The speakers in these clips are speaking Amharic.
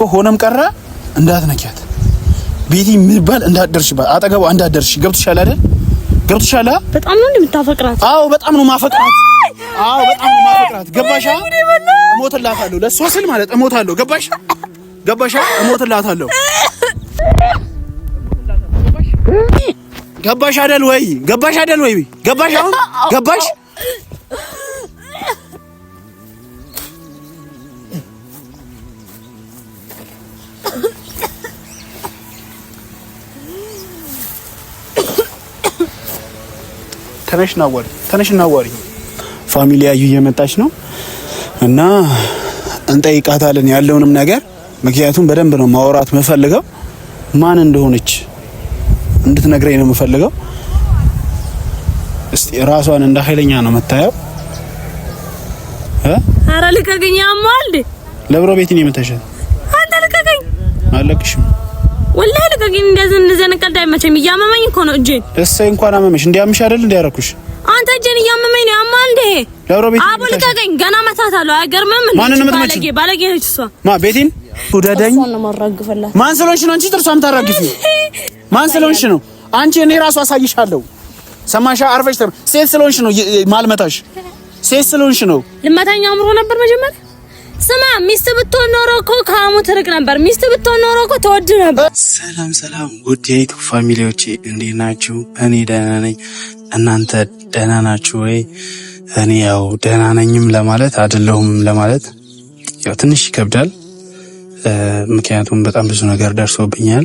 እኮ ሆነም ቀረ እንዳትነኪያት ቤቲ የሚባል እንዳትደርሽባት፣ አጠገቧ እንዳትደርሽ። ገብቶሻል አይደል? ገብቶሻል። በጣም ነው እንደምታፈቅራት። አዎ በጣም ነው ማፈቅራት። አዎ በጣም ነው ማፈቅራት። ገባሻ? እሞትላታለሁ ለእሷ ስል ማለት እሞታለሁ። ገባሻ? ገባሻ? እሞትላታለሁ። ገባሽ አይደል ወይ? ገባሽ አይደል ወይ? ገባሽ? አሁን ገባሽ ተነሽና አዋሪ ተነሽና አዋሪ ፋሚሊ አዩ እየመጣች ነው እና እንጠይቃታለን ያለውንም ነገር ምክንያቱም በደንብ ነው ማውራት የምፈልገው። ማን እንደሆነች እንድትነግረኝ ነው የምፈልገው። እስቲ ራሷን እንደ ኃይለኛ ነው የምታየው። ኧረ ልቀቅኝ፣ አሟል ለብሮ ቤት ነው የምታሸት አንተ ልቀቅኝ፣ አለቅሽም ወላሂ ልቀቂኝ። እንደዚህ እንደዚህ ቀልድ አይመቸኝም። እያመመኝ እኮ ነው እጄን። እሰይ እንኳን አመመሽ። እንዲያምሽ አይደል እንዲያረኩሽ አንተ እጄን እያመመኝ ነው። ያማ እንዴ አቡ ልቀቂኝ። ገና መታታለሁ። አይገርምም እንዴ? ማንን ምትመጪ? ባለጌ ነች እሷ። ማ ቤቲን ውደደኝ። ማን ስለሆንሽ ነው እንጂ ጥርሷም ታራግፊ። ማን ስለሆንሽ ነው አንቺ? እኔ ራሱ አሳይሻለሁ። ሰማሻ? አርፈሽ ሴት ስለሆንሽ ነው ማልመታሽ። ሴት ስለሆንሽ ነው ልመታኛ አምሮ ነበር መጀመሪያ ስማ ሚስት ብትሆን ኖሮ እኮ ከአሙ ትርቅ ነበር። ሚስት ብትሆን ኖሮ እኮ ተወድ ነበር። ሰላም ሰላም፣ ውድ የኢትዮ ፋሚሊዎቼ እንዴት ናችሁ? እኔ ደህና ነኝ። እናንተ ደህና ናችሁ ወይ? እኔ ያው ደህና ነኝም ለማለት አይደለሁም ለማለት ያው ትንሽ ይከብዳል። ምክንያቱም በጣም ብዙ ነገር ደርሶብኛል።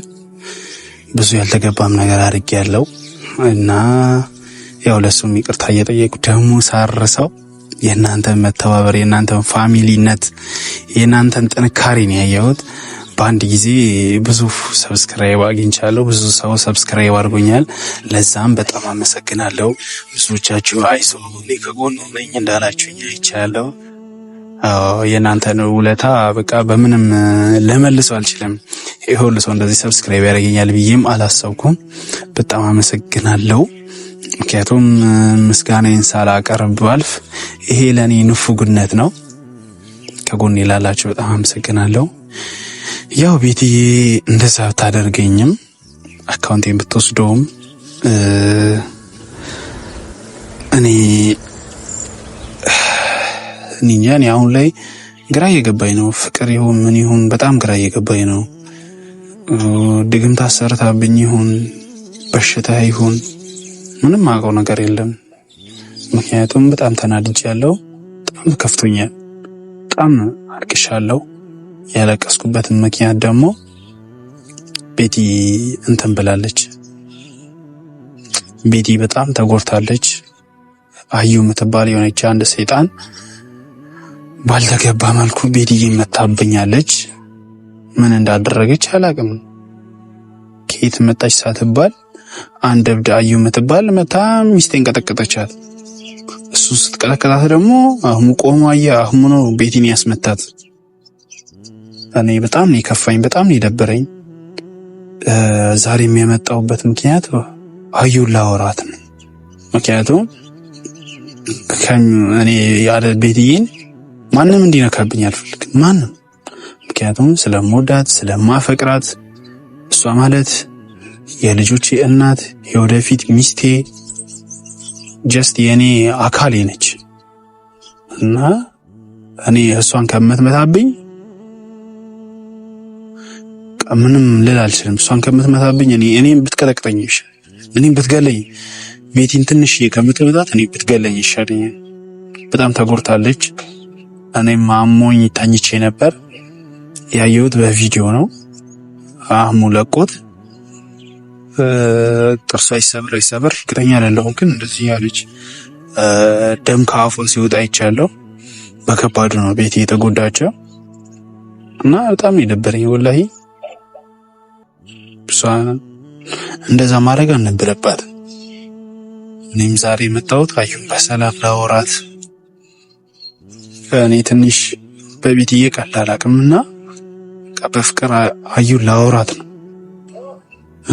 ብዙ ያልተገባም ነገር አድርጌ ያለው እና ያው ለሱም ይቅርታ እየጠየቁ ደግሞ ሳርሰው የእናንተን መተባበር፣ የእናንተን ፋሚሊነት፣ የእናንተን ጥንካሬን ያየሁት በአንድ ጊዜ ብዙ ሰብስክራይብ አግኝቻለሁ። ብዙ ሰው ሰብስክራይብ አድርጎኛል። ለዛም በጣም አመሰግናለሁ። ብዙዎቻችሁ አይዞ እኔ ከጎን ነኝ እንዳላችሁኝ አይቻለሁ። የእናንተን ውለታ በቃ በምንም ለመልሰው አልችልም። ይህ ሰው እንደዚህ ሰብስክራይብ ያደርገኛል ብዬም አላሰብኩም። በጣም አመሰግናለሁ። ምክንያቱም ምስጋናዬን ሳላቀርብ ባልፍ ይሄ ለእኔ ንፉግነት ነው። ከጎኔ ላላችሁ በጣም አመሰግናለሁ። ያው ቤትዬ እንደዛ ብታደርገኝም አካውንቴን ብትወስደውም እኔ እንጃ እኔ አሁን ላይ ግራ እየገባኝ ነው። ፍቅር ይሁን ምን ይሁን በጣም ግራ እየገባኝ ነው። ድግምት አሰርታብኝ ይሁን በሽታ ይሁን ምንም አውቀው ነገር የለም። ምክንያቱም በጣም ተናድጄ ያለው በጣም ከፍቶኛል፣ በጣም አልቅሻለሁ። ያለቀስኩበት ምክንያት ደግሞ ቤቲ እንትን ብላለች። ቤቲ በጣም ተጎድታለች። አዩ የምትባል የሆነች አንድ ሰይጣን ባልተገባ መልኩ ቤቲ መታብኛለች። ምን እንዳደረገች አላቅም። ከየት መጣች ሳትባል አንድ እብድ አዩ የምትባል መታ ሚስቴን ቀጠቀጠቻት። እሱ ስትቀለቀላት ደግሞ አህሙ ቆሞ አየ። አህሙ ነው ቤቲን ያስመታት። እኔ በጣም ነው የከፋኝ፣ በጣም ነው የደበረኝ። ዛሬም የሚያመጣውበት ምክንያት አዩን ላወራት ነው። ምክንያቱም እኔ ያለ ቤትዬን ማንም እንዲነካብኝ አልፈልግም፣ ማንም ምክንያቱም ስለምወዳት ስለማፈቅራት እሷ ማለት የልጆቼ እናት የወደፊት ሚስቴ ጀስት የእኔ አካሌ ነች እና እኔ እሷን ከምትመታብኝ ምንም ልል አልችልም። እሷን ከምትመታብኝ እኔ እኔም ብትቀጠቅጠኝ ይሻል፣ እኔም ብትገለኝ፣ ቤቲን ትንሽ ከምትመታት እኔ ብትገለኝ ይሻለኛል። በጣም ተጎድታለች። እኔም አሞኝ ተኝቼ ነበር። ያየሁት በቪዲዮ ነው አህሙ ለቆት ጥርሱ አይሰብር አይሰብር እርግጠኛ አይደለሁም፣ ግን እንደዚህ ያለች ደም ከአፉን ሲወጣ ይቻለው በከባዱ ነው ቤት የተጎዳቸው እና በጣም የደበረኝ ወላሂ። እሷ እንደዛ ማድረግ አልነበረባት። እኔም ዛሬ የመጣሁት አዩን በሰላም ላወራት እኔ ትንሽ በቤት እየቀላል በፍቅር አዩን ላወራት ነው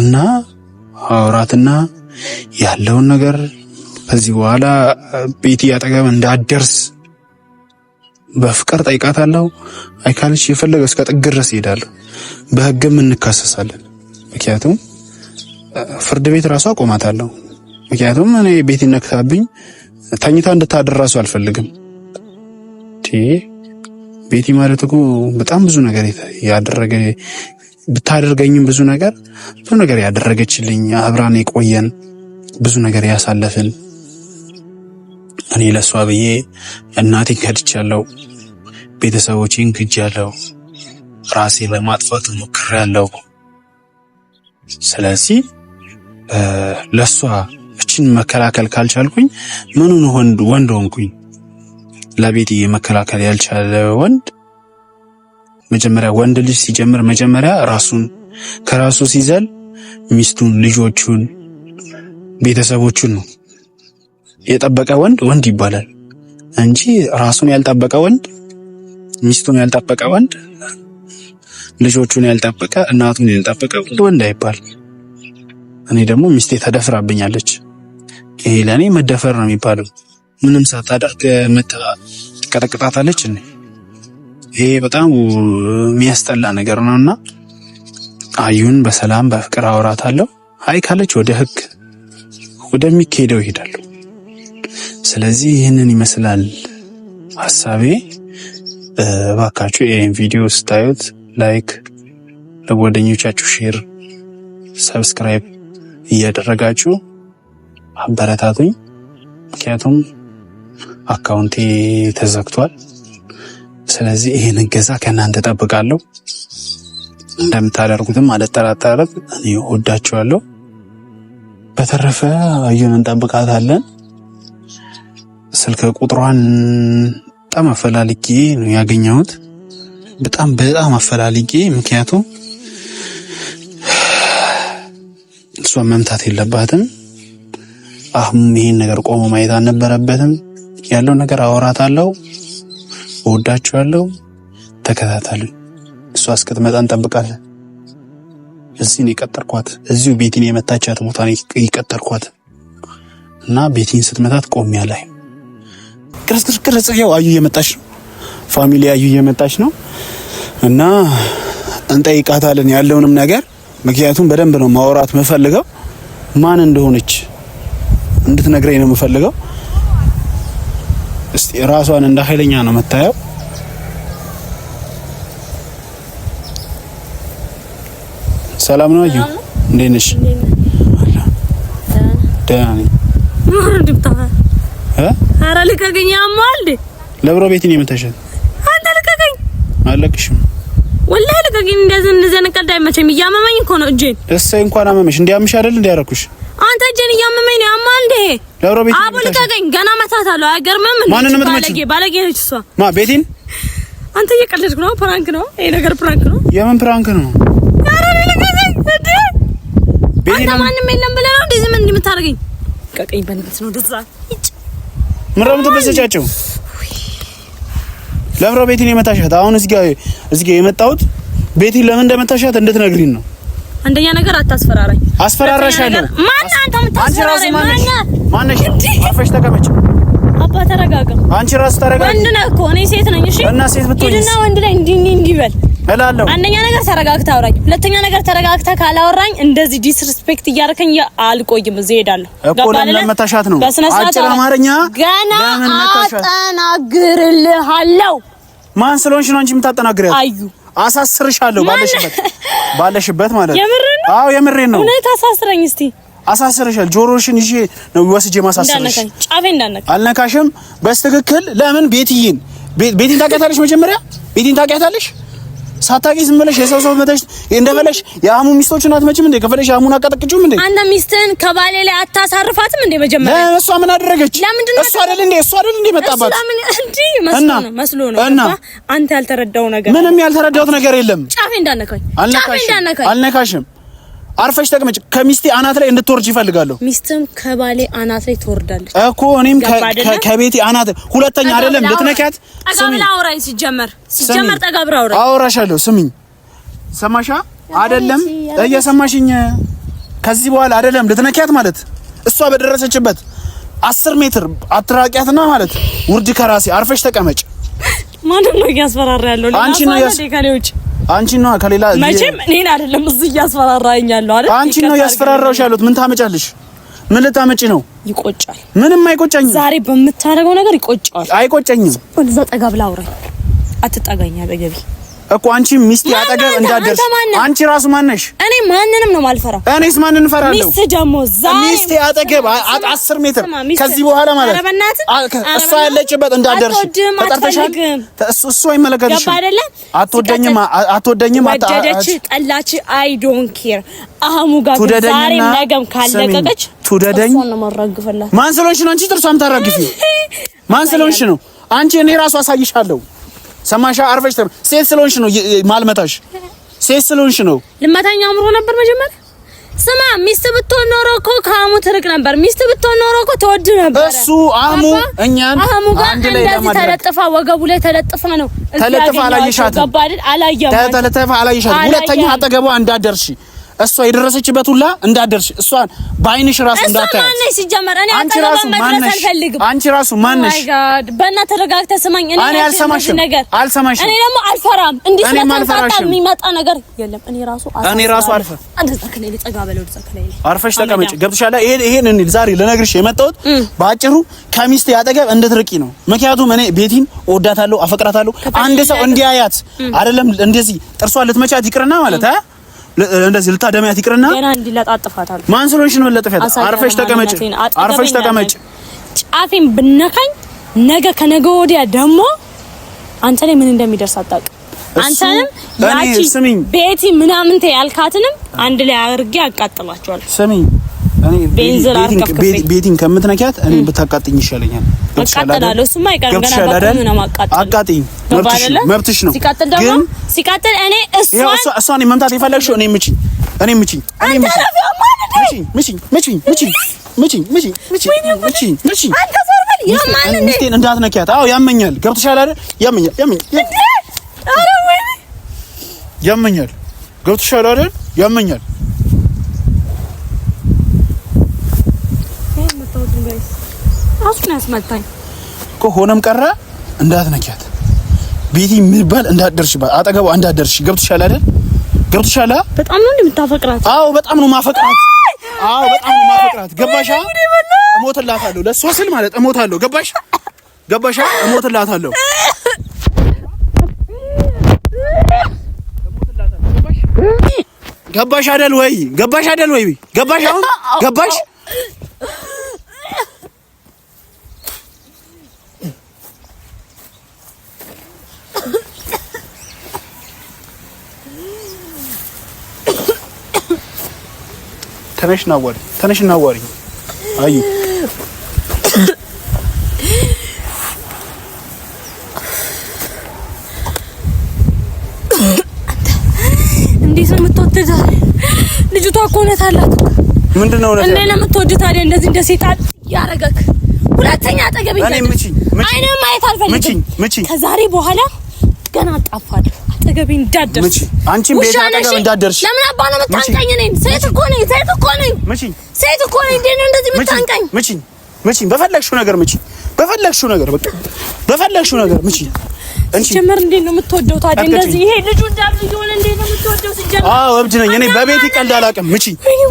እና አውራትና ያለውን ነገር ከዚህ በኋላ ቤቲ አጠገብ እንዳደርስ በፍቅር ጠይቃታለሁ። አይካልሽ የፈለገ እስከ ጥግ ድረስ ይሄዳል። በህግም እንካሰሳለን። ምክንያቱም ፍርድ ቤት ራሱ አቆማታለሁ። ምክንያቱም እኔ ቤት ነክታብኝ ተኝታ እንድታድር ራሱ አልፈልግም። ቤቲ ማለት እኮ በጣም ብዙ ነገር ያደረገ ብታደርገኝም ብዙ ነገር ብዙ ነገር ያደረገችልኝ አብራን የቆየን ብዙ ነገር ያሳለፍን እኔ ለእሷ ብዬ እናቴን ከድቻለሁ፣ ቤተሰቦቼን ክጃለሁ፣ ራሴ ለማጥፋት ሞክሬያለሁ። ስለዚህ ለእሷ እችን መከላከል ካልቻልኩኝ ምኑን ወንድ ወንድ ሆንኩኝ? ለቤቴ መከላከል ያልቻለ ወንድ መጀመሪያ ወንድ ልጅ ሲጀምር መጀመሪያ ራሱን ከራሱ ሲዘል ሚስቱን፣ ልጆቹን፣ ቤተሰቦቹን ነው የጠበቀ ወንድ ወንድ ይባላል እንጂ ራሱን ያልጠበቀ ወንድ፣ ሚስቱን ያልጠበቀ ወንድ፣ ልጆቹን ያልጠበቀ፣ እናቱን ያልጠበቀ ወንድ አይባል። እኔ ደግሞ ሚስቴ ተደፍራብኛለች፣ ይሄ ለእኔ መደፈር ነው የሚባለው። ምንም ሳታደርግ መጥታ ትቀጠቅጣታለች። ይሄ በጣም የሚያስጠላ ነገር ነው እና አዩን በሰላም በፍቅር አወራታለሁ። አይ ካለች ወደ ህግ ወደሚካሄደው ይሄዳሉ። ስለዚህ ይህንን ይመስላል ሀሳቤ። እባካችሁ ይህን ቪዲዮ ስታዩት ላይክ፣ ለጓደኞቻችሁ ሼር፣ ሰብስክራይብ እያደረጋችሁ አበረታቱኝ። ምክንያቱም አካውንቴ ተዘግቷል። ስለዚህ ይሄን እገዛ ከእናንተ ጠብቃለሁ። እንደምታደርጉትም አልጠራጠርም። እኔ ወዳችኋለሁ። በተረፈ አዩን እንጠብቃታለን። ስልክ ቁጥሯን በጣም አፈላልጌ ነው ያገኘሁት። በጣም በጣም አፈላልጌ ምክንያቱም እሷን መምታት የለባትም። አሁን ይህን ነገር ቆሞ ማየት አልነበረበትም። ያለው ነገር አወራታለሁ። እወዳችኋለሁ። ተከታተሉ። እሷ እስክትመጣ እንጠብቃለን። እዚህ ነው የቀጠርኳት። እዚሁ ቤቲን የመታቻት ቦታ ነው የቀጠርኳት እና ቤቲን ስትመታት ቆሚያ ላይ ቅርጽ ቅርጽ ያው አዩ እየመጣች ነው። ፋሚሊ አዩ እየመጣች ነው እና እንጠይቃታለን ያለውንም ነገር ምክንያቱም በደንብ ነው ማውራት የምፈልገው ማን እንደሆነች እንድትነግረኝ ነው የምፈልገው። ራሷን እንደ ኃይለኛ ነው የምታየው። ሰላም ነው አዩ፣ እንዴት ነሽ? ደህና ነኝ። ኧረ ልቀቅኝ፣ አማል ለብሮ ቤት ነው የምታሸት። አንተ ልቀቅኝ። አለቅሽም ወላሂ ልቀቅኝ። እንደዚህ እንደዚህ ነቀዳ አይመቸኝም። እያመመኝ እኮ ነው እጄን። እሰይ እንኳን አመመሽ። እንዲያምሽ አይደል እንዲያረኩሽ። አንተ እጄን እያመመኝ ነው። ያማል እንዴ ለብሮ ቤት አቡ ልቀቀኝ፣ ገና መታታለሁ። አይገርምም እንዴ? ባለጌ ባለጌ ነች እሷ። ማ ቤቲን አንተ እየቀለድክ ነው። ፕራንክ ነው ይሄ ነገር፣ ፕራንክ ነው። የምን ፕራንክ ነው? ኧረ ልቀቀኝ እንዴ! አንተ ማንም የለም ብለህ ነው እንደዚህ ምን እንደምታደርገኝ? ቀቀኝ። በእናትህ ነው ደዛ እጭ ምን ነው ለብሮ ቤቲን ሮቤቲን የመታሻት? አሁን እዚህ ጋር እዚህ ጋር የመጣሁት ቤቲን ለምን እንደመታሻት እንድትነግሪን ነው። አንደኛ ነገር አታስፈራራኝ። አስፈራራሻለሁ። ማን አንተ የምታስፈራራኝ? ማን ነሽ? አርፈሽ ተቀመጭ። አባ ተረጋጋ። አንቺ ራስ ተረጋጋ። ወንድ ነህ እኮ እኔ ሴት ነኝ። እሺ እና ሴት ብትሆኚ እና ወንድ ላይ እንዲህ እንዲህ በል እላለሁ። አንደኛ ነገር ተረጋግተህ አውራኝ፣ ሁለተኛ ነገር ተረጋግተህ ካላወራኝ እንደዚህ ዲስሪስፔክት እያደረከኝ አልቆይም፣ እዚህ እሄዳለሁ እኮ። ለምን መታሻት ነው? አጭር አማርኛ ገና አጠናግርልሃለሁ። ማን ስለሆንሽ ነው አንቺ የምታጠናግሪያት? አዩ አሳስርሻለሁ። ባለሽበት ባለሽበት ማለት ነው። አዎ የምሬን ነው። እውነት አሳስረኝ እስቲ አሳስርሻል። ጆሮሽን ይዤ ነው ወስጄ ማሳስርሽ። ጫፌ እንዳነካ አልነካሽም። በስትክክል ለምን ቤትዬን ቤቲን ታውቂያታለሽ? መጀመሪያ ቤቲን ታውቂያታለሽ? ሳታቂ ዝም ብለሽ የሰው ሰው መተሽ እንደበለሽ የአህሙ ሚስቶች ናት። መቼም እንደ ከፈለሽ አህሙን አቀጠቅጭውም እንደ አንተ ሚስትህን ከባሌ ላይ አታሳርፋትም እንዴ? መጀመሪያ እሷ ምን አደረገች? እሷ አይደል እንደ እሷ አይደል እንደ መጣባት መስሎ ነው። መስሎ ነው እና አንተ ያልተረዳው ነገር ምንም ያልተረዳሁት ነገር የለም። ጫፌ እንዳነካኝ አልነካሽም አልነካሽም አርፈሽ ተቀመጭ። ከሚስቴ አናት ላይ እንድትወርጅ ይፈልጋለሁ። ሚስትም ከባሌ አናት ላይ ትወርዳለች እኮ እኔም ከቤቴ አናት ሁለተኛ አይደለም ልትነካት። ጠጋብላ አውራኝ። ሲጀመር ሲጀመር ጠጋብራ አውራኝ። አውራሻለሁ። ስሚኝ፣ ሰማሻ አይደለም? እየሰማሽኝ? ከዚህ በኋላ አይደለም ልትነኪያት ማለት እሷ በደረሰችበት አስር ሜትር አትራቂያትና ማለት ውርድ ከራሴ አርፈሽ ተቀመጭ። ማንም ነው እያስፈራራ ያለው አንቺ ነው አንቺ ነው ከሌላ መቼም እኔን አይደለም እዚህ እያስፈራራኝ ያለው አይደል? አንቺ ነው እያስፈራራሽ ያሉት። ምን ታመጫለሽ? ምን ልታመጪ ነው? ይቆጫል። ምንም አይቆጨኝም። ዛሬ በምታደርገው ነገር ይቆጫል። አይቆጨኝም። ወደዛ ጠጋ ብላ አውራኝ። አትጠጋኝ አጠገቤ እኮ አንቺ ሚስት ያጠገብ እንዳደርሽ። አንቺ ራሱ ማነሽ? እኔ ማንንም ነው ማልፈራ። እኔስ ማንን ፈራለሁ? ሚስት ደግሞ ሚስት ያጠገብ አስር ሜትር ከዚህ በኋላ ማለት እሷ ያለችበት እንዳደርሽ። ተጠርተሻል። እሱ አይመለከትሽም። አትወደኝም፣ አትወደኝም። ወደደች ጠላች፣ አይ ዶንት ኬር። አህሙ ጋር ዛሬም ነገም ካለቀቀች ትውደደኝ። ማን ስለሆንሽ ነው አንቺ ጥርሷም ታራግፊ? ማን ስለሆንሽ ነው አንቺ? እኔ ራሱ አሳይሻለሁ ሰማሻ አርፈሽ ተም ሴት ስለሆንሽ ነው ማልመታሽ። ሴት ስለሆንሽ ነው ልመታኛ አምሮ ነበር መጀመር። ስማ ሚስት ብትሆን ኖሮ እኮ ከአሙ ትርቅ ነበር። ሚስት ብትሆን ኖሮ እኮ ተወድ ነበር። እሱ አሙ እኛን አሙ ጋር እንደዚህ ተለጥፋ ወገቡ ላይ ተለጥፋ ነው ተለጥፋ አላየሻትም። ተለጥፋ አላየሻትም። ሁለተኛ አጠገቧ እንዳደርሺ እሷ የደረሰችበት ሁላ እንዳደርሽ እሷን በአይንሽ ራሱ እንዳታያት። አንቺ ራሱ ማነሽ? Oh በእና ተረጋግተ ስማኝ። እኔ አልሰማሽም፣ አልሰማሽም። እኔ ደግሞ አልፈራም። እንዲህ ስለተንጣጣ የሚመጣ ነገር የለም። እኔ ራሱ እኔ ራሱ አልፈር አርፈሽ ተቀመጭ። ገብቶሻል? ይሄን እኔ ዛሬ ልነግርሽ የመጣሁት በአጭሩ ከሚስቴ አጠገብ እንድትርቂ ነው። ምክንያቱም እኔ ቤቲን እወዳታለሁ፣ አፈቅራታለሁ። አንድ ሰው እንዲያያት አይደለም እንደዚህ ጥርሷን ልትመቻት ይቅርና ማለት እንደዚህ ልታደሚያት ይቅርና ገና እንዲላጣጥፋታል። ማን ስለሆንሽ ነው ለጥፋት? አርፈሽ ተቀመጭ፣ አርፈሽ ተቀመጭ። ጫፌን ብነካኝ ነገ ከነገ ወዲያ ደግሞ አንተ ላይ ምን እንደሚደርስ አጣቅ። አንተንም ያቺ ቤቲ ምናምን ያልካትንም አንድ ላይ አድርጌ አቃጥላቸዋል። ስሚኝ ቤቲን ከምትነኪያት እኔ ብታቃጥኝ ይሻለኛል። እቃጠላለሁ። ገና አቃጥኝ፣ መብትሽ ነው። ሲቃጥል እኔ እሷ እኔ መምታት የፈለግሽው እኔ ምችኝ፣ እኔ ምችኝ፣ ምችኝ፣ ምችኝ፣ ምችኝ እንዳትነኪያት። አዎ ያመኛል። ገብቶሻል አይደል? ያመኛል፣ ያመኛል፣ ያመኛል። ገብቶሻል አይደል? ያመኛል ራሱ ነው ያስመታኝ እኮ። ሆነም ቀረ እንዳትነኪያት ቤቲ የሚባል እንዳትደርሽባት፣ አጠገቧ እንዳትደርሽ። ገብቶሻል አይደል? ገብቶሻል። በጣም ነው እንደምታፈቅራት። አዎ በጣም ነው ማፈቅራት። አዎ በጣም ነው ማፈቅራት። ገባሻ? እሞትላታለሁ ለእሷ ስል ማለት እሞታለሁ። ገባሻ? ገባሻ? እሞትላታለሁ ገባሽ አይደል ወይ? ገባሽ አይደል ወይ? ገባሽ አሁን ገባሽ ተነሽ ናዋሪ ተነሽ ናዋሪ አዩ እንዴት ነው የምትወደድ? ልጅቷ እኮ እውነት አላት። ምንድን ነው እውነት እንዴት ነው የምትወደድ ታዲያ? እንደዚህ እንደ ሴጣን ያረገክ ሁለተኛ አጠገብ አይኔ ማየት አልፈልግም። ከዛሬ በኋላ ገና አጣፋለሁ አጠገቤ እንዳደርስ አንቺም ቤት አጠገብ እንዳደርሽ። ለምን አባ ነው የምታንቀኝ? እኔን ሴት እኮ ነኝ፣ ሴት እኮ ነኝ፣ ሴት እኮ ነኝ። እንዴት ነው እንደዚህ የምታንቀኝ? ምችኝ፣ ምችኝ፣ በፈለግሽው ነገር ምችኝ፣ በፈለግሽው ነገር በቃ በፈለግሽው ነገር ምችኝ። ሲጀመር እንዴት ነው የምትወደው ታዲያ? እንደዚህ ይሄ ልጁ እንዳብዝ ይሆነ እንዴት ነው የምትወደው? ሲጀመር አዎ፣ እብድ ነኝ እኔ። በቤት ቀልድ አላውቅም። ምቺ እኔ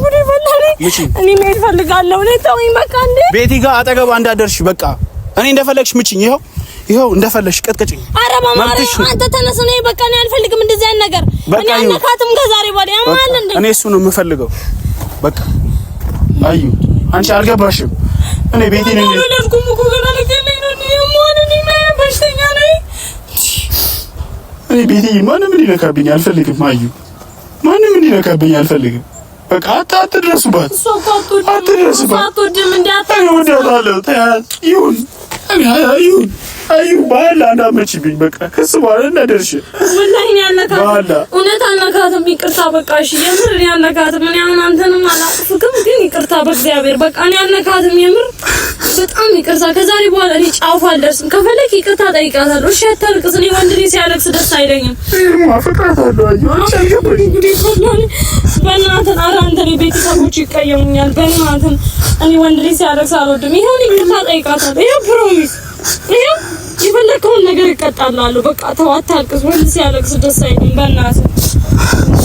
መሄድ ፈልጋለሁ። እኔ ተውኝ በቃ። እንዴ ቤቲ ጋር አጠገብ እንዳደርሽ በቃ። እኔ እንደፈለግሽ ምችኝ፣ ይኸው ይኸው እንደፈለሽ ቀጥቀጭኝ። ኧረ በማርያም አንተ ተነስ። እኔ በቃ እኔ አልፈልግም እንደዚህ አይነት ነገር። እኔ አልነካትም ከዛሬ በኋላ ያማል እንዴ? እኔ እሱ ነው የምፈልገው። በቃ አዩ፣ አንቺ አልገባሽም። እኔ ቤቴን ነው ነው ነኝ። እኔ ቤቴ ማንም እንዲነካብኝ አልፈልግም። አዩ፣ ማንም እንዲነካብኝ አልፈልግም። በቃ አትድረሱባት፣ አትድረሱባት። አትድረሱባት። ታጥቶ ይሁን አዩ አዩ ባህል አናመችብኝ። በቃ ከሱ በኋላ እናደርሽ ወላሂ እኔ አልነካትም፣ እውነት አልነካትም። ይቅርታ በቃ እሺ፣ የምር እኔ እኔ አሁን አንተንም አላቅፍክም፣ ግን ይቅርታ በእግዚአብሔር በቃ እኔ አልነካትም። የምር በጣም ይቅርታ። ከዛሬ በኋላ እኔ ጫፉ አልደርስም። ከፈለክ ይቅርታ ጠይቃታለሁ። እሺ፣ አታልቅስ። እኔ ወንድ ልጅ ሲያለቅስ ደስ አይለኝም። ማፈቃታለሁ። አዩ በእናትህ ኧረ አንተ እኔ ቤተሰቦች ይቀየሙኛል። በእናትህ እኔ ወንድ ልጅ ሲያለቅስ አልወድም። ይሄን ይቅርታ ጠይቃታለሁ። ይሄ ፕሮሚ ፕሊዝ ይሄው የፈለከውን ነገር እቀጣላለሁ። በቃ ተው አታልቅስ። ወንድ ሲያለቅስ ደስ አይልም። በእናትህ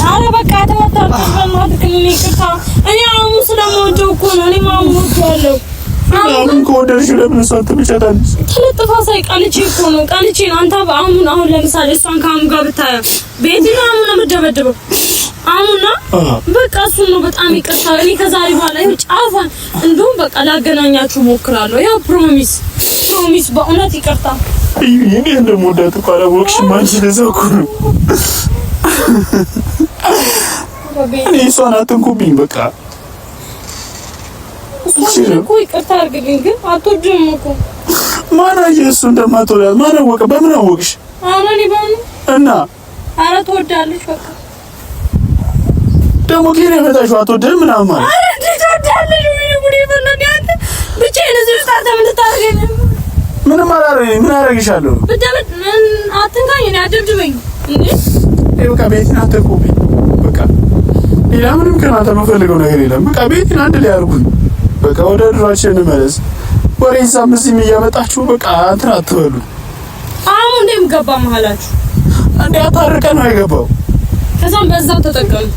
ኧረ በቃ ተው አታልቅስ። በእናትህ እኔ ይቅርታ። እኔ አሙ ስለምወደው እኮ ነው። እኔ ማሙ ወደዋለሁ። አሁን ከወደድሽ ለምን እሷን ትልጫታለሽ? ተለጥፋ ሳይ ቀልቼ እኮ ነው። ቀልቼ አንተ አሙን አሁን ለምሳሌ እሷን ከአሙ ጋር ብታያ ቤቲ ነው አሙ ነው አሙና በቃ እሱ ነው። በጣም ይቅርታ። እኔ ከዛሬ በኋላ ይኸው እንደውም በቃ ላገናኛችሁ ሞክራለሁ። ያው ፕሮሚስ ፕሮሚስ። በእውነት ይቅርታ። እንደምወዳት እኮ አላወቅሽም አንቺ። እኮ ነው እኔ እሷን አትንኩብኝ። በቃ እኮ ይቅርታ አድርግልኝ። ግን እኮ ማን አየህ? እሱ እንደማትወዳት ማን አወቀ? በምን አወቅሽ? አሁን እኔ በምን እና ኧረ ትወዳለች በቃ ደግሞ ኬር የመጣሽው አትወደድ ምናምን ማለት ምንም አላረኝ። ምን አደርግሻለሁ? አትንካኝ፣ አትደብድበኝ። በቃ ቤቴን አትቁብኝ። በቃ ሌላ ምንም ከናንተ የምፈልገው ነገር የለም። በቃ ቤቴን አንድ ላይ አድርጉኝ። በቃ ወደ ድሯችን እንመለስ። ወሬ እዛም እዚህም እያመጣችሁ በቃ እንትን አትበሉ። አሁን ገባ መሀላችሁ እንዴ አታርቀ ነው የገባው። ከዛም በዛው ተጠቀምኩ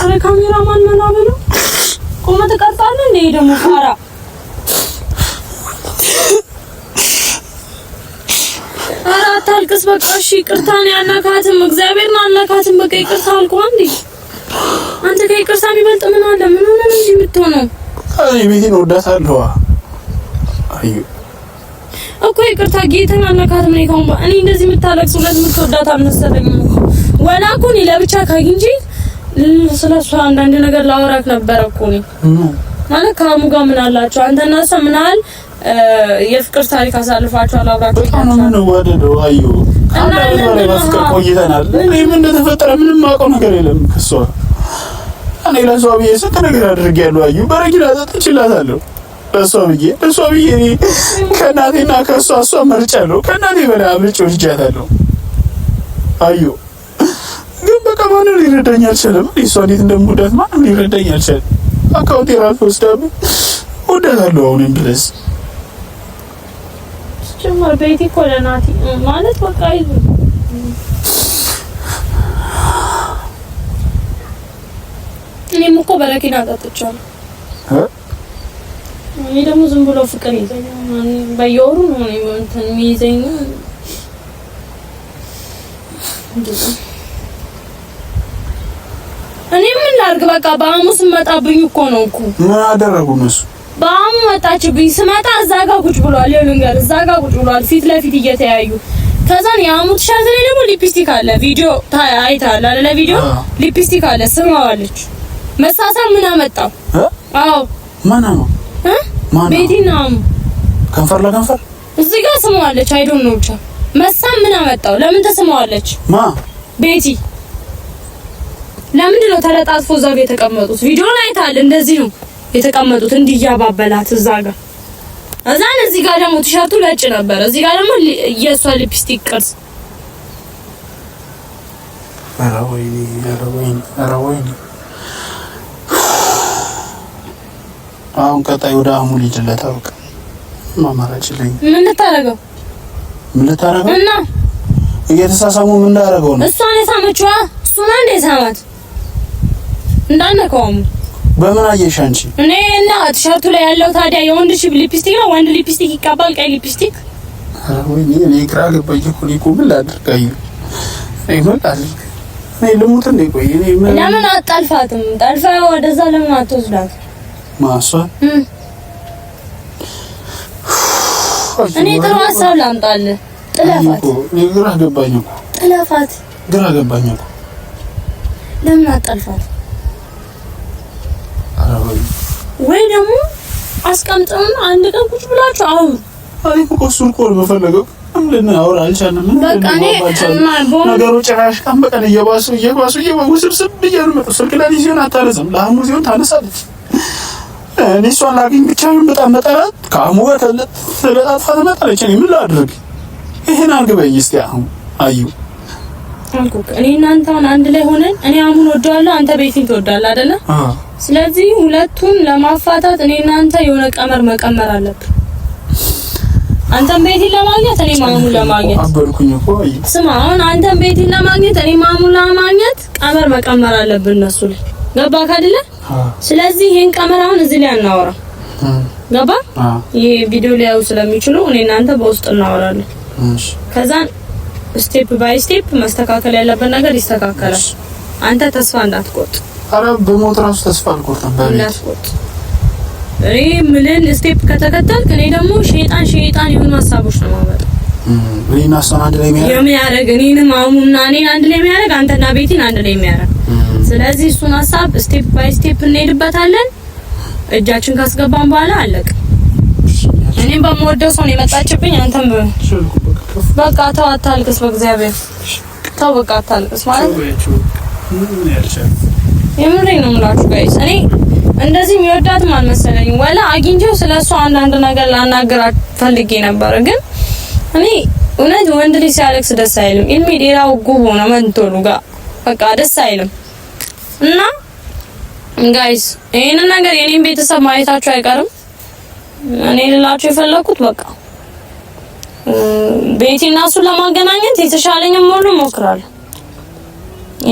አረ ካሜራማን ምናምኑ ቆመ ትቀርጣለህ እንዴ? ደግሞ ፋራ አረ አታልቅስ በቃ እሺ። ይቅርታን ያናካትም እግዚአብሔርን አናካትም በቃ ይቅርታ አልቆ እንዴ አንተ ከይቅርታ የሚበልጥ ምን አለ? ምን ሆነ ነው እንዲህ የምትሆነው? አይ ቢሄን ወዳታለዋ አይ እኮ ይቅርታ ጌታን አልነካትም ነው ይሁን እኔ እንደዚህ የምታለቅስ ሁለት የምትወዳት አልመሰለኝ ወላ እኮ እኔ ለብቻ ካግኝቼ ስለሷ አንዳንድ ነገር ላወራክ ነበረ እኮ እኔ ማለት ከአሙ ጋር ምን አላችሁ አንተ እና እሷ ምን አል የፍቅር ታሪክ አሳልፋችኋል አብራችሁ ነው አዩ አንተ ነው ማስቀር ቆይተናል ምንም እንደተፈጠረ ምንም አውቀው ነገር የለም ከሷ እኔ ለሷ ብዬ ስንት ነገር አድርጌያለሁ አዩ በረኪና ሰጥቼላታለሁ ለእሷ ብዬ ለእሷ ብዬ እኔ ከእናቴና ከእሷ እሷ መርጫለሁ። ከእናቴ በላይ አብልጬ ወድጃታለሁ። አዩ ግን በቃ ማንም ሊረዳኝ አልቻለም። እሷ እንዴት እንደምወዳት ማንም ሊረዳኝ አልቻለም። አካውንቴ ራሱ ወስዳብኝ ወዳታለሁ አሁንም ድረስ ጭምር ቤቲ እኮ ለናቲ ማለት በቃ ይዙ እኔም እኮ በረኪና ጠጥቻለሁ። እኔ ደግሞ ዝም ብሎ ፍቅር በየወሩ ነው እንትን የሚይዘኝ እኔ ምን ላድርግ? በቃ በአሙ ስመጣብኝ እኮ ነው እኮ ምን አደረጉ እነሱ? በአሙ መጣችብኝ። ስመጣ እዛ ጋር ቁጭ ብሏል። እዛ ጋር ቁጭ ብሏል፣ ፊት ለፊት እየተያዩ ከዛን የአሙ ቲሸርት ላይ ደግሞ ሊፕስቲክ አለ። ቪዲዮ አይተሃል አይደለ? ቪዲዮ ሊፕስቲክ አለ። ስማዋለች መሳሳም ምን አመጣው? አዎ ነው ቤቲና ከንፈር ለከንፈር እዚህ ጋር ስመዋለች። አይዶን ነው ብቻ መሳም ምን አመጣው? ለምን ተስመዋለች? ማ ቤቲ ለምንድን ነው ተለጣጥፎ እዛ ጋር የተቀመጡት? ቪዲዮን አይታል። እንደዚህ ነው የተቀመጡት፣ እንዲህ እያባበላት እዛ ጋር እዛን። እዚህ ጋር ደግሞ ቲሸርቱ ነጭ ነበር፣ እዚህ ጋር ደግሞ የእሷ ሊፕስቲክ ቅርጽ። ኧረ ወይኔ! ኧረ ወይኔ! ኧረ ወይኔ! አሁን ቀጣይ ወደ አህሙ ልጅለት አውቅ ማማራጭ ላይ ምን ልታረገው ምን ልታረገው እና እየተሳሳሙ ምን ላረገው ነው? እሷን የሳመችዋ እሱ ነው እንደ ሳማት እንዳነከውም በምን አየሽ አንቺ? እኔ እና ቲሸርቱ ላይ ያለው ታዲያ የወንድ ሽብ ሊፕስቲክ ነው። ወንድ ሊፕስቲክ ይቀባል፣ ቀይ ሊፕስቲክ። ወይኔ እኔ ግራ ገባኝ እኮ እኔ እኮ ምን ላድርግ? አየሁ እኔ ምን ላድርግ? እኔ ልሙት እንደ ቆይ እኔ ለምን አጣልፋትም? ጠልፋ ወደዛ ለምን አትወስዳት? ማሷ እኔ ጥሩ ሀሳብ ላምጣልህ። ጥለፋት ግራ ገባኝ እኮ ጥለፋት ግራ ገባኝ እኮ ለምን አጠልፋት? ወይ ደግሞ አስቀምጥም አንድ ቀን ቁጭ ብላችሁ አሁን አይ እሱን እኮ በፈለገው ምንድን ነው አውራ አልቻልንም። በቃ እኔ ነገሩ ጭራሽ ቀን በቀን እየባሱ እየባሱ ስብስብ እያሉ መጡ። ስልክ ላይ ሲሆን አታነሳም፣ ለአህሙ ሲሆን ታነሳለች። እኔ እሷን ላግኝ ብቻ በጣም መጠራት ከአሙ ተለጣጥፋ ትመጣለች። እኔ ምን ላድርግ? ይሄን አርግበኝ እስቲ አሁን አዩ እኔ እናንተ አሁን አንድ ላይ ሆነን እኔ አሙን ወደዋለሁ፣ አንተ ቤቲን ትወዳለህ አይደለ? ስለዚህ ሁለቱን ለማፋታት እኔ እናንተ የሆነ ቀመር መቀመር አለብን። አንተን ቤቲን ለማግኘት እኔ ማሙን ለማግኘት አበልኩኝ እኮ አይ፣ ስማ አሁን አንተን ቤቲን ለማግኘት እኔ ማሙን ለማግኘት ቀመር መቀመር አለብን እነሱ ላይ ገባ ካደለ ስለዚህ ይሄን ቀመር አሁን እዚህ ላይ አናወራ። ገባ ይሄ ቪዲዮ ሊያዩ ስለሚችሉ እኔ እናንተ በውስጥ እናወራለን። ከዛ ስቴፕ ባይ ስቴፕ መስተካከል ያለበት ነገር ይስተካከላል። አንተ ተስፋ እንዳትቆርጥ። ኧረ በሞት እራሱ ተስፋ አልቆርጥም። እንዳትቆርጥ እኔ ምልን ስቴፕ ከተከተልክ እኔ ደግሞ ሸይጣን ሸይጣን ይሁን ሀሳቦች ነው ማለት እኔን አሁን አንድ ላይ የሚያደርግ እኔንም አሁን እና እኔን አንድ ላይ የሚያደርግ አንተና ቤቲን አንድ ላይ የሚያደርግ ስለዚህ እሱን ሀሳብ ስቴፕ ባይ ስቴፕ እንሄድበታለን። እጃችን ካስገባን በኋላ አለቅ። እኔም በምወደው ሰው ነው የመጣችብኝ። አንተም በቃ ተው፣ አታልቅስ። በእግዚአብሔር ተው፣ በቃ አታልቅስ። ማለት የምሬን ነው የምላችሁ ጋይስ። እኔ እንደዚህ የሚወዳትም አልመሰለኝም። ወላ አግኝቼው ስለሱ አንዳንድ ነገር ላናገራት ፈልጌ ነበር፣ ግን እኔ እውነት ወንድ ልጅ ሲያለቅስ ደስ አይልም። ኢልሚ ሌላው ጉቦ ነው መንቶሉ ጋር በቃ ደስ አይልም። እና ጋይስ ይህንን ነገር የኔን ቤተሰብ ማየታችሁ አይቀርም። እኔ ልላችሁ የፈለኩት በቃ ቤቲ እና እሱን ለማገናኘት የተሻለኝም ሁሉ ሞክራል።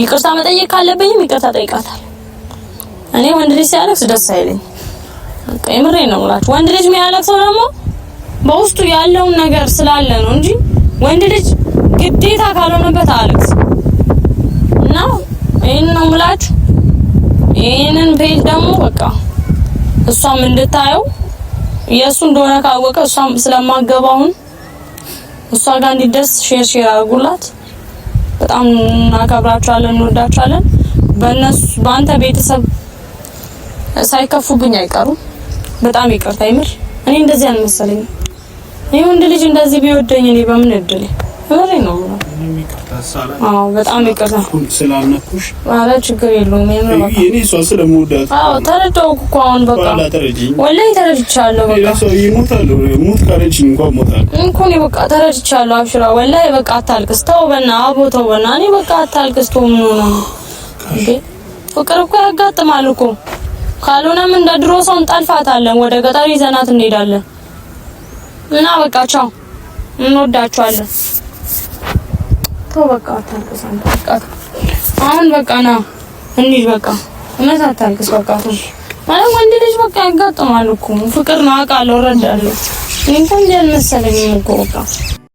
ይቅርታ መጠየቅ ካለብኝም ይቅርታ ጠይቃታል። እኔ ወንድ ልጅ ሲያለቅስ ደስ አይለኝ። በቃ የምሬ ነው የምላችሁ። ወንድ ልጅ የሚያለቅሰው ደግሞ በውስጡ ያለውን ነገር ስላለ ነው እንጂ ወንድ ልጅ ግዴታ ካልሆነበት አያለቅስ እና ይህን ነው የምላችሁ። ይህንን ፔጅ ደግሞ በቃ እሷም እንድታየው የእሱ እንደሆነ ካወቀ እሷም ስለማገባውን እሷ ጋር እንዲደርስ ሼር ሼር አድርጉላት። በጣም እናከብራቸዋለን፣ እንወዳቸዋለን። በእነሱ በአንተ ቤተሰብ ሳይከፉብኝ አይቀሩም። በጣም ይቅርታ ይምር። እኔ እንደዚህ አልመሰለኝም። ይህ ወንድ ልጅ እንደዚህ ቢወደኝ እኔ በምን እድል ፍቅሬ ነው። አዎ በጣም ይቅርታ ስላልነኩሽ። ኧረ ችግር የለውም። እኔ እኮ አሁን በቃ ወላሂ ተረድቻለሁ። በቃ ተረድቻለሁ። አብሽራ ወላሂ በቃ አታልቅስ፣ ተው በእናትህ አቦ ተው በእናትህ። እኔ በቃ አታልቅስ፣ ተው ምን ሆነ ፍቅር እኮ ያጋጥማል እኮ። ካልሆነም እንደ ድሮ ሰው እንጠልፋታለን፣ ወደ ገጠር ይዘናት እንሄዳለን እና በቃ ቻው፣ እንወዳችኋለን። ተው በቃ አታልቅስ። አንተ በቃ አሁን በቃ ና እንሂድ። በቃ እውነት አታልቅስ። በቃ ማለት ወንድ ልጅ በቃ ያጋጥማል እኮ ፍቅር ነው አውቃለሁ፣ እረዳለሁ። ይሄን እንደ እኮ በቃ